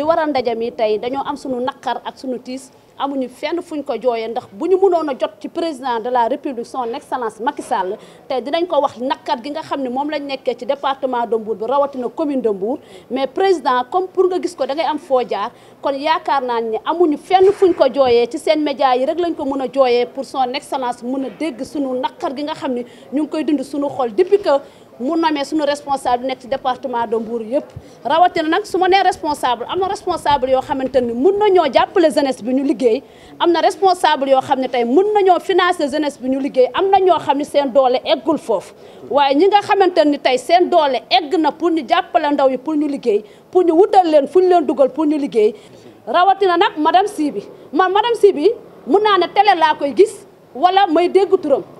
li waral ndaje mi tey dañoo am suñu naqar ak suñu tiis amuñu fenn fuñ ko jooyee ndax bu ñu mënoon a jot ci président de la république son excellence Macky Sall te dinañ ko wax naqar gi nga xam ne moom lañ nekkee ci département de Mbour bi rawatina commune de Mbour mais président comme pour nga gis ko dangay am foo jaar kon yaakaar naa ne amuñu fenn fuñ ko jooyee ci seen média yi rek lañ ko mën a jooyee pour son excellence mën a dégg suñu naqar gi nga xam ne ñu ngi koy dund suñu xol depuis mun mu nommé suñu responsable nekk ci département de Mbour yëpp rawatina nag su ma nee responsable am na responsable yoo xamante ni mun nañoo jàppale jeunesse bi ñu liggéey am na responsable yoo xam ne tey mun nañoo financer jeunesse bi ñu liggéey am na ñoo xam ne seen doole eggul foofu waaye ñi nga xamante ni tey seen doole egg na pour ñu jàppale ndaw yi pour ñu liggéey pour ñu wutal leen fu ñu leen dugal pour ñu liggéey rawatina nag madam madame Sibi man madame bi mun naa ne télé laa koy gis wala may dégg turam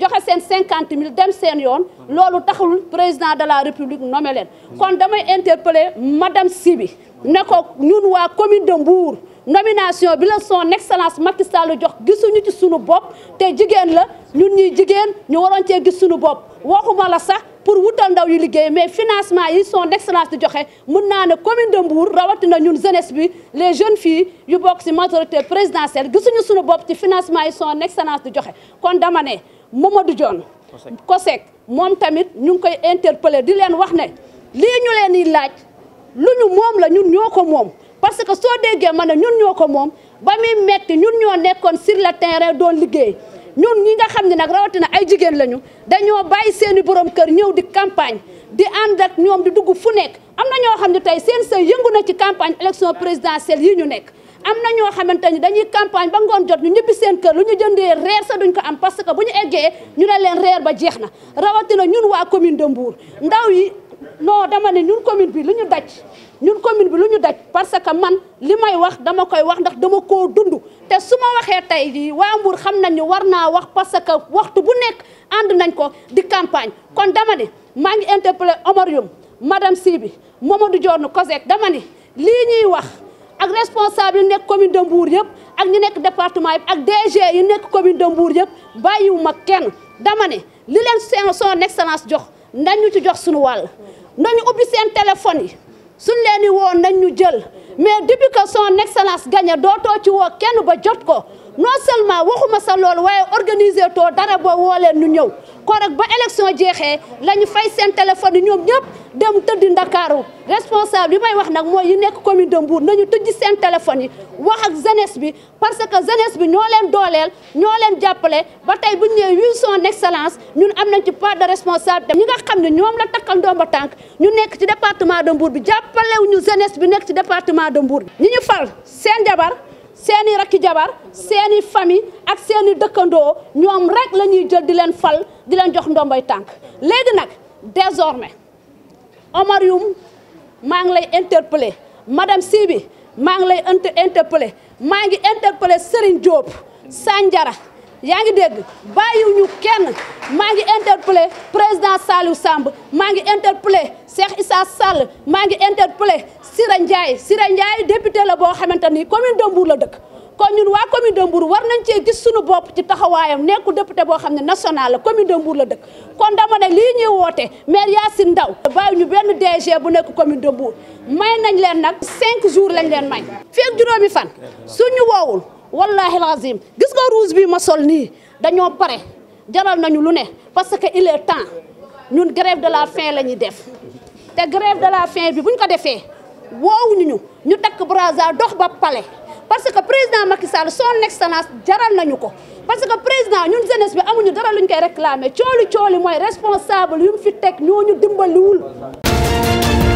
joxe sen cinquante mille dem sen yoon loolu taxul président de la république nommé len kon damay interpeller madame Sibi nako ñun wa commune de Mbour nomination bi la son excellence Macky Sall jox gisuñu ci sunu bop te jigen la ñun ñi jigen ñu waron ci gis sunu bopp waxuma la sax pour woutal ndaw yi liggéey mais financement yi son excellence di joxe mun na ne commune de Mbour rawati na ñun jeunesse bi les jeunes filles yu bok ci majorité présidentielle gisuñu sunu bop ci financement yi son excellence di joxe kon dama né Mamadou Dione COSEC moom tamit ñu ngi koy interpeller di leen wax ne lii ñu leen di laaj lu ñu moom la ñun ñoo ko moom parce que soo déggee ma ne ñun ñoo ko moom ba muy metti ñun ñoo nekkoon sur le terrain doon liggéey ñun ñi nga xam ne nag rawatina ay jigéen lañu dañoo bàyyi seeni borom kër ñëw di campagne di ànd ak ñoom di dugg fu nekk am na ñoo xam ne tey seen sëy yëngu na ci campagne élection présidentielle yi ñu nekk am na ñoo xamante ni dañuy campagne ba ngoon jot ñu ñibbi seen kër lu ñu jëndee reer sa duñ ko am parce que bu ñu eggee ñu ne leen reer ba jeex na rawatina ñun waa commune de Mbour ndaw yi non dama ne ñun commune bi lu ñu daj ñun commune bi lu ñu daj parce que man li may wax dama koy wax ndax dama ko dund te su ma waxee tey jii waa Mbour xam nañ ne war naa wax parce que waxtu bu nekk ànd nañ ko di campagne kon dama ne maa ngi interpellé Omar Youm madame Sibi Mamadou Dione COSEC dama ne lii ñuy wax ak responsable yi nekk commune de Mbour yëpp ak ñu nekk département yëpp ak DG yi nekk commune de Mbour yëpp ma kenn dama ne li leen seen son excellence jox nañ ñu ci jox suñu wàll nañu ubbi seen téléphone yi suñ leen di woo nañ ñu jël mais depuis que son excellence gagné dootoo ci woo kenn ba jot ko non seulement waxuma sa loolu waaye organiser too dara ba woo leen ñu ñëw kon nag ba élection jeexee la ñu fay seen téléphone yi ñoom ñëpp dem tëdd ndakaaru responsable bi may wax nag mooy yi nekk commune de Mbour nañu tëjji seen téléphone yi wax ak jeunesse bi parce que jeunesse bi ñoo leen dooleel ñoo leen jàppale ba tey bu ñu nee wi excellence ñun am nañ ci part de responsabilité ñi nga xam ne ñoom la takkal ndomba tànk ñu nekk ci département de Mbour bi jàppalewu ñu jeunesse bi département de Mbour ñi ñu fal seen jabar seeni rakki jabar seeni famille ak seeni dëkkandoo ñoom rek la ñuy jël di leen fal di leen jox ndomboy tànk léegi nag désormais Omar Youm maa ngi lay interpeller madame Sibi maa ngi lay interpeller maa ngi interpeller Serigne Diop Sandiara yaa ngi dégg bàyyiwuñu kenn maa ngi interpellé président Saliou Samb maa ngi interpellé Cheikh Issa Sall maa ngi interpellé Sira Ndiaye Sira Ndiaye député la boo xamante ni commune de Mbour la dëkk kon ñun waa commune de war nañ cee gis suñu bopp ci taxawaayam nekku député boo xam ne national la commune de Mbour la dëkk kon dama ne lii ñuy woote maire Yacine Ndaw bàyyi ñu benn DG bu nekk commune de Mbour may nañ leen nag cinq jours lañ leen may fekk juróomi fan suñu woowul wallahi lazim gis nga rouge bi ma sol nii dañoo pare jaral nañu lu ne parce que il est temps ñun grève de la faim la ñuy def te grève de la faim bi buñ ko defee woowuñu ñu ñu takk brassard dox ba palais parce que président Macky Sall son excellence jaral nañu ko parce que président ñun jeunesse bi amuñu dara luñ koy réclamer cooli cooli mooy responsable yu mu fi teg ñooñu dimbaliwul